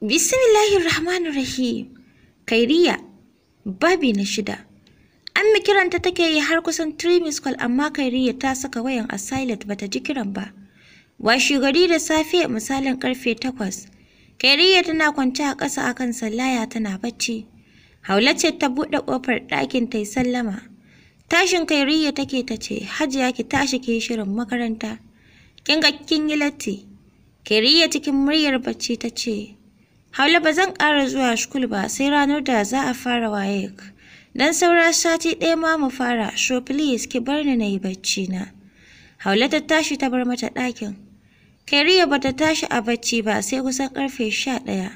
Bismillahir Rahmanir Rahim. Kairiya babi na shida. An Amma kiranta take yi har kusan 3 miss amma Kairiya ta saka wayan a silent bata ji kiran ba. Washi gari da safe misalin karfe 8. Kairiya tana kwance a ƙasa akan sallaya tana bacci. Haula ce ta buɗe ƙofar ɗakin ta yi sallama. Tashin Kairiya take ta ce, Hajiya ki tashi ke shirin makaranta. Kin ga kin yi latti. Kairiya cikin muryar bacci ta ce, Haula ba zan ƙara zuwa shukul ba sai ranar da za a fara wayek. Dan saura sati ɗaya ma mu fara, so please ki bar ni na yi bacci na. Haula ta tashi ta bar mata ɗakin. Kariya ba ta tashi a bacci ba sai kusan ƙarfe sha ɗaya.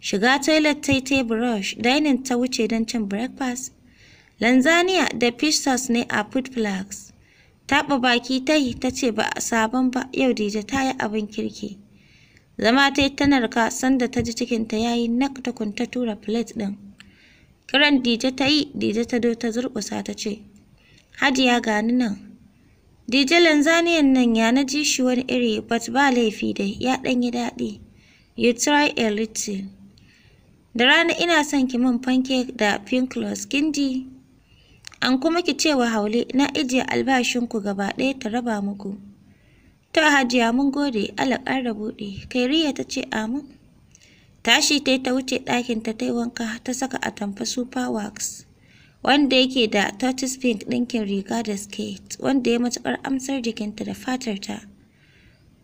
Shiga toilet ta yi brush, dining ta wuce don cin breakfast. Lanzania da fish ne a food flags. Taɓa baki ta yi ta ce ba sabon ba yau Dija ta yi abin kirki. Zama ta yi ta narka sanda ta ji cikinta ya yi nak ta kwanta tura plate ɗin. Kiran Dije ta yi, Dije ta do ta zurƙusa ta ce, Hajiya gani nan. Dije lanzaniyan nan ya na ji shi wani iri but ba laifi dai ya ɗan yi daɗi. You try a little. Da rana ina son ki min pancake da pink rose kin ji? An kuma ki ce wa Haule na ijiye albashinku gaba ɗaya ta raba muku. Ta hajiya mun gode, Allah ƙara buɗe. Kairiya ta ce amin. Tashi ta ta wuce ɗakin ta yi wanka ta saka atamfa super wax. Wanda yake da tortoise pink ɗinkin riga da skate, wanda ya matuƙar amsar jikinta da fatar ta.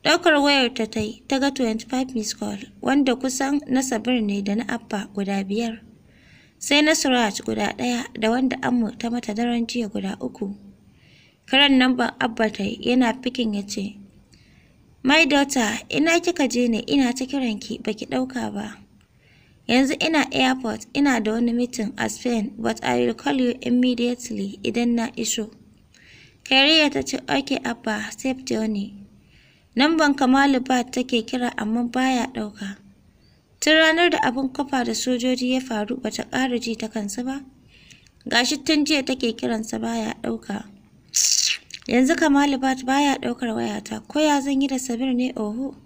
Ɗaukar wayar ta yi, ta ga 25 miss call, wanda kusan na Sabir ne da na Abba guda biyar. Sai na Suraj guda ɗaya da wanda Ammu ta mata daren jiya guda uku. Karan namban Abba ta yana fikin ya ce, My daughter, ina kika je ne ina ta kiranki baki ɗauka ba. Yanzu ina airport ina da wani mitin a Spain but I will call you immediately idan na iso. Kariya ta ce ok abba safe journey. Namban Kamalu ba take kira amma baya ɗauka. Tun ranar da abin kwafa da sojoji ya faru bata ƙara ji ta kansa ba. Gashi tun jiya take kiransa baya ɗauka. Yanzu Kamalubat baya ɗaukar wayata, ko ya zan yi da Sabir ne oho?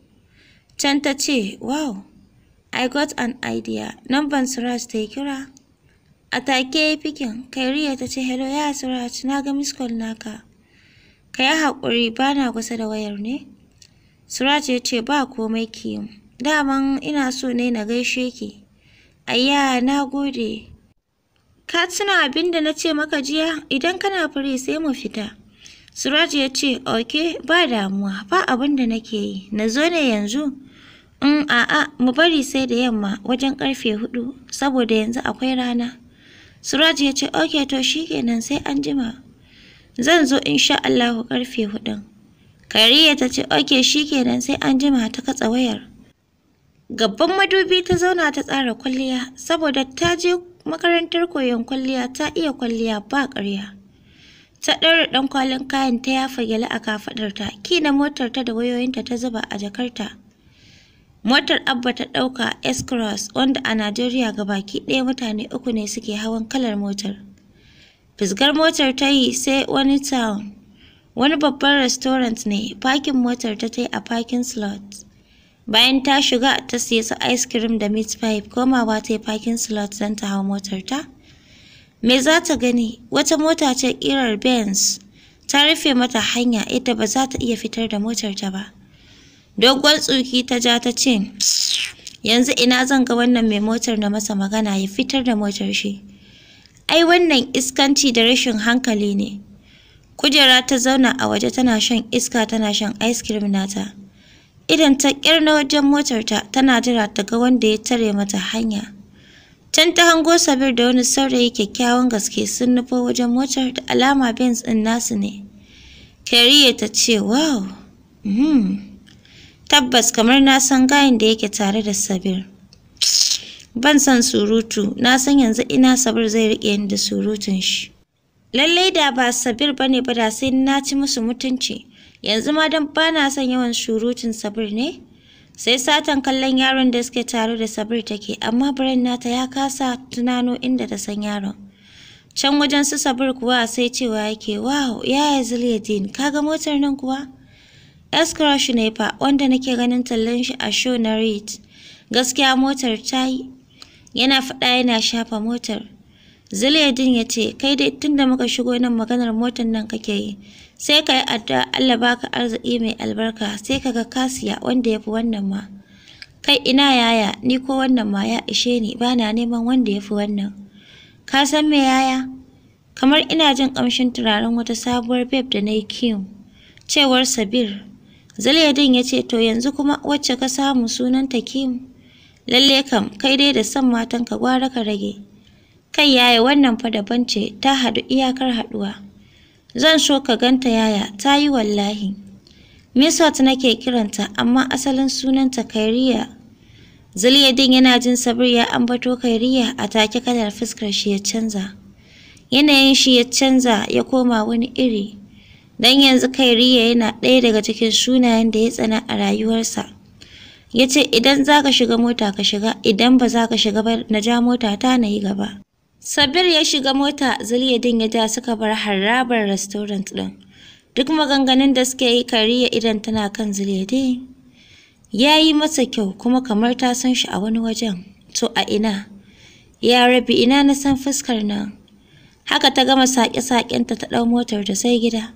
Can ta ce, wow, I got an idea, namban Suraj ta yi kira. A take ya fikin, Kairiya ta ce, hello ya Suraj, na ga miskol naka. Ka yi haƙuri, ba na kusa da wayar ne? Suraj ya ce, ba komai ki daman ina so ne na gaishe ki. Ayya, na gode. Ka tuna abin da na ce maka jiya, idan kana fure sai mu fita. Suraj ya ce, "Ok, ba damuwa, ba abin da nake yi, na zo ne yanzu?" in mm, a'a, mu bari sai da yamma wajen karfe hudu, saboda yanzu akwai rana." Suraj ya ce, "Ok, to shikenan sai an jima. Zan zo insha Allahu karfe hudun." Kariya ta ce, "Ok, shikenan sai an jima ta katsa wayar." Gabban madubi ta zauna ta tsara kwalliya, saboda ta je makarantar koyon kwalliya ta iya kwalliya ba ƙarya. ta ɗaura ɗan kwalin kayan ta yafa gyale a kafaɗarta ki na motar da wayoyinta ta zuba a jakarta motar abba ta ɗauka s-cross wanda a najeriya ga baki ɗaya mutane uku ne suke hawan kalar motar fisgar motar ta yi sai wani town wani babban restaurant ne pakin motar ta ta yi a parking slot bayan ta shiga ta siya su ice cream da meat pipe komawa ta yi parking slot don ta hau motar ta Me za ta gani? Wata mota ce ƙirar Benz. Ta rufe mata hanya ita ba za ta iya fitar da motar ta ba. Doguwar tsuki ta ja ta ce, Yanzu ina zan ga wannan mai motar na masa magana ya fitar da motar shi. Ai wannan iskanci da rashin hankali ne. Kujera ta zauna a waje tana shan iska tana shan ice cream nata. Idan ta ƙyar na wajen ta, tana jira ta ga wanda ya tare mata hanya. Can ta hango Sabir da wani saurayi kyakkyawan gaske sun nufo wajen motar da alama Benz ɗin nasu ne. Kariya ta ce, "Wow, mm. tabbas kamar na san gayin da yake tare da Sabir." Ban san surutu, na san yanzu ina Sabir zai riƙe ni da surutun shi. Lallai da ba Sabir bane ba da sai na ci musu mutunci. Yanzu ma dan ba na son yawan surutun Sabir ne, sai satan kallon yaron da suke tare da sabir take amma brain nata ya kasa tunano inda ta san yaron can wajen su sabir kuwa sai cewa yake wow yaya zuliyadin kaga motar nan kuwa s crush ne fa wanda nake ganin tallan shi a show na reed gaskiya motar ta yi yana faɗa yana shafa motar Zuliyadin ya ce, Kai dai tun da muka shigo nan maganar motar nan kake yi, sai ka yi addu'a Allah baka arziki mai albarka sai ka ga kasiya wanda ya fi wannan ma. Kai ina yaya, ni ko wannan ma ya ishe ni ba na neman wanda ya fi wannan. Ka san me yaya? Kamar ina jin kamshin turaren wata sabuwar babe da na yi kiyo. Cewar Sabir. Zuliyadin ya ce, To yanzu kuma wacce ka samu sunanta Kim? Lalle kam, kai dai da son matanka gwara ka rage. Kai yaya wannan fa daban ce ta haɗu iyakar haɗuwa. Zan so ka ganta yaya ta yi wallahi. misot nake kiranta amma asalin sunanta Kairiya. Zuliyadin yana jin sabir ya ambato Kairiya a take kalar fuskar shi ya canza. Yanayin shi ya canza ya koma wani iri. Dan yanzu Kairiya yana ɗaya daga cikin sunayen da ya tsana a rayuwarsa. Ya ce idan za ka shiga mota ka shiga, idan ba za ka shiga ba na ja mota ta na yi gaba. Sabir ya shiga mota Zuliyadin ya ja suka bar harabar restaurant ɗin. Duk maganganun da suke yi kariya idan tana kan Zuliyadin. Ya yi masa kyau kuma kamar ta san shi a wani wajen. To a ina? Ya rabi ina na san fuskar nan. Haka ta gama saƙe-saƙenta ta ɗau motar da sai gida.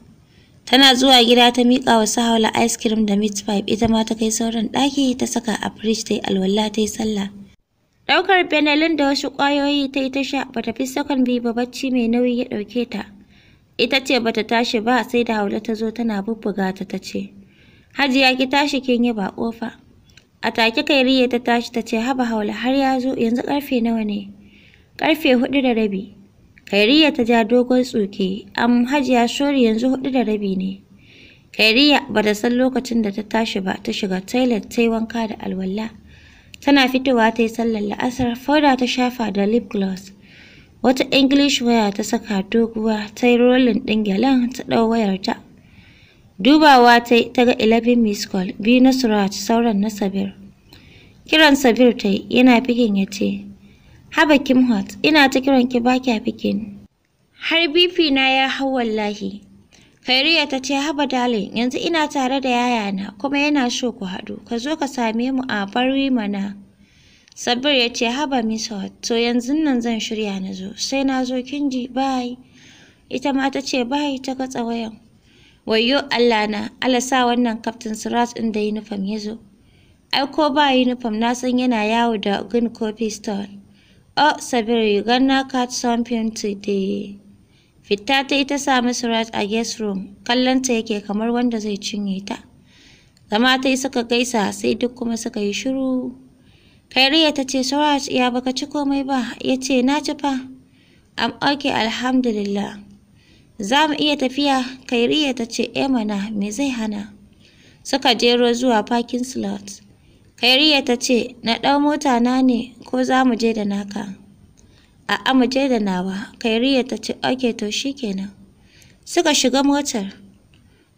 Tana zuwa gida ta miƙa wa Sahaula ice cream da meat pie ita ma ta kai sauran ɗaki ta saka a fridge ta yi alwala ta yi sallah. Daukar benelin da wasu ƙwayoyi ta yi ta sha ba ta fi sakon biyu ba bacci mai nauyi ya ɗauke ta. Ita ce ba ta tashi ba sai da haula ta zo tana bubbuga ta ta ce, Hajiya ki tashi kin yi ba ƙofa. A take Kairiya ta tashi ta ce haba haula har ya zo yanzu ƙarfe nawa ne? Ƙarfe huɗu da rabi. Kairiya ta ja dogon tsoke, am Hajiya shori yanzu hudu da rabi ne. Kairiya ba ta san lokacin da ta tashi ba ta shiga toilet ta yi wanka da alwala. Tana fitowa ta yi sallar la'asar, fauda ta shafa da lip gloss. Wata English waya ta saka doguwa ta yi rolling ɗin gyalen ta ɗau wayarta. Dubawa ta ta ga 11 miss call, biyu na Surat, sauran na Sabir. Kiran Sabir ta yi, yana fikin ya ce, Haba Kim Hot, ina ta kiran ki ba kya bikin. Har bifi na ya hau wallahi. Khairiyya ta ce haba darling yanzu ina tare da yayana kuma yana so ku haɗu ka zo ka same mu a barwi mana. Sabir ya ce haba Miss to yanzu nan zan shirya na zo sai na zo kin bye. Ita ma ta ce bye ta katsa wayan. wayo Allah na Allah sa wannan kaftin Sirat din da yunifom ya zo. Ai ko ba uniform na san yana yawo da gun coffee store. Oh Sabir you gonna catch something today. Fitta ta ita sami Suraj a guest room, kallonta yake kamar wanda zai cinye ta. Zama ta yi suka gaisa sai duk kuma suka yi shiru. Kairiya ta ce Suraj ya baka ci komai ba, ya ce na ci fa. Am okay alhamdulillah. Za mu iya tafiya, Kairiya ta ce eh mana me zai hana. Suka jero zuwa parking slot. Kairiya ta ce na ɗau mota na ne ko za mu je da naka. A'a mu je da nawa, Kairiya ta ce, "Oke, to shi kenan." Suka shiga motar.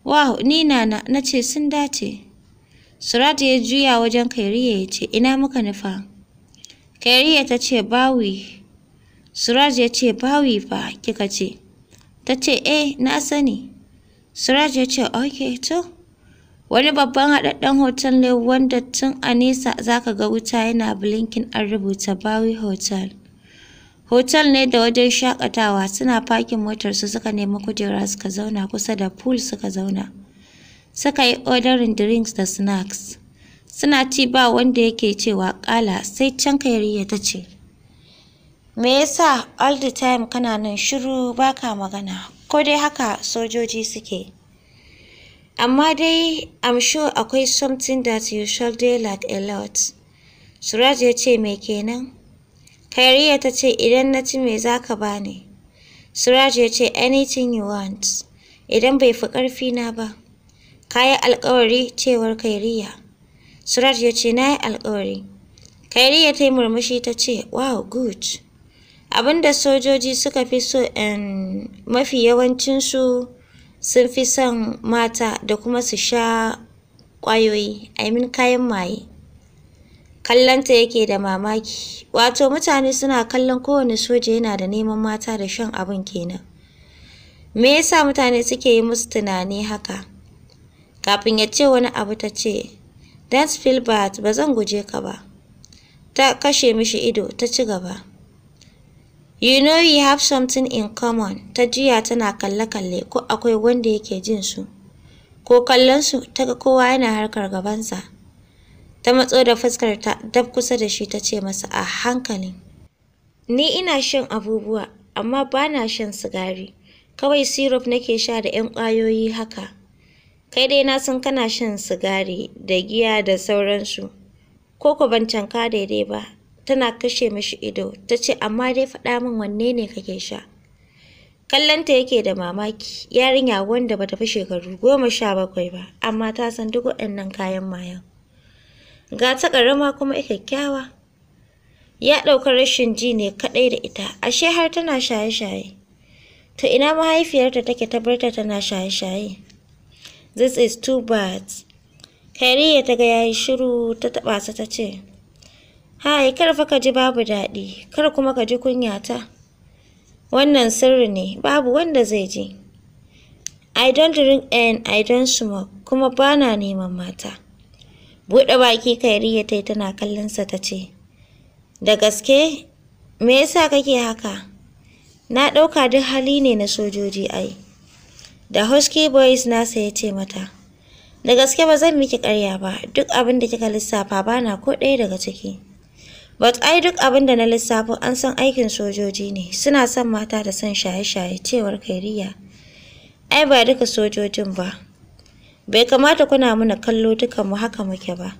Wow, ni nana, na ce sun dace. Surat ya juya wajen Kairiya ya ce, "Ina muka nufa?" Kairiya ta ce, "Bawi." Surat ya ce, "Bawi fa kika ce." Ta ce, "Eh, na sani." Surat ya ce, "Oke, to." Wani babban haɗaɗɗen hotel ne wanda tun a nesa za ka ga wuta yana bilinkin an rubuta Bawi Hotel. Hotel ne da wajen shakatawa suna fakin motarsu suka nemi kujera suka zauna kusa da pool suka zauna. Suka yi ordering drinks da snacks. Suna ci ba wanda yake cewa ƙala sai can kayariya ta ce. Me yasa all the time kana nan shiru baka magana ko dai haka sojoji suke. Amma dai I'm sure akwai something that you should do like a lot. Suraj ya ce me kenan? kariya ta ce, Idan na ci me za ka ba ni? Suraj ya ce, Anything you want, idan bai fi na ba. Ka yi alƙawari cewar kairiya. Suraj ya ce, Na yi alƙawari. Kairiya ta yi murmushi ta ce, Wow, good. Abin da sojoji suka fi so in um, mafi yawancinsu sun fi son mata da kuma su sha ƙwayoyi, I mean kayan maye. kallonta yake da mamaki wato mutane suna kallon kowane soja yana da neman mata da shan abin kenan me yasa mutane suke yi musu tunani haka kafin ya ce wani abu ta ce Dan filbert ba zan guje ka ba ta kashe mishi ido ta ci gaba you know you have something in common ta jiya tana kalle-kalle ko akwai wanda yake jin su ko kallonsu su ta ga kowa yana harkar gabansa ta matso da ta, dab kusa da shi ta ce masa a hankali ni ina shan abubuwa amma ba na shan sigari kawai syrup nake sha da 'yan ƙwayoyi haka kai dai na san kana shan sigari da giya da sauransu ko ku ban canka daidai ba tana kashe mishi ido ta ce amma dai faɗa min wanne ne kake sha kallonta yake da mamaki yarinya wanda bata fi shekaru goma sha bakwai ba amma ta san duk waɗannan kayan mayan ga ta ƙarama kuma kyakkyawa ya ɗauka rashin ji ne kaɗai da ita ashe har tana shaye-shaye to ina mahaifiyarta take tabbatar tana shaye-shaye this is too bad kariya ta ga yayi shiru ta taɓa sa ta ce hai kar fa ka ji babu daɗi kar kuma ka ji kunyata wannan sirri ne babu wanda zai ji i don't drink and i don't smoke kuma bana neman mata buɗe baki kairiya ta yi tana kallonsa ta ce da gaske me yasa kake haka na ɗauka duk hali ne na sojoji ai da husky boys nasa ya ce mata da gaske ba zan miki ƙarya ba duk abin da kika lissafa ba na ko ɗaya daga ciki but ai duk abin da na lissafo an san aikin sojoji ne suna son mata da son shaye-shaye cewar kairiya ai ba duka sojojin ba bai kamata kuna mana kallo mu haka muke ba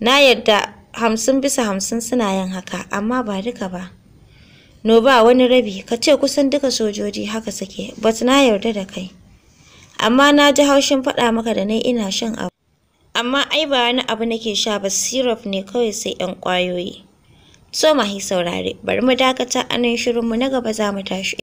na yadda hamsin bisa hamsin suna yin haka amma ba duka ba no ba wani rabi ka ce kusan duka sojoji haka suke but na yarda da kai amma na ji haushin faɗa maka da nai ina shan abu amma ai ba wani abu nake sha ba syrup ne kawai sai 'yan ƙwayoyi so mahi saurare bari mu dakata anan shirinmu na gaba za mu tashi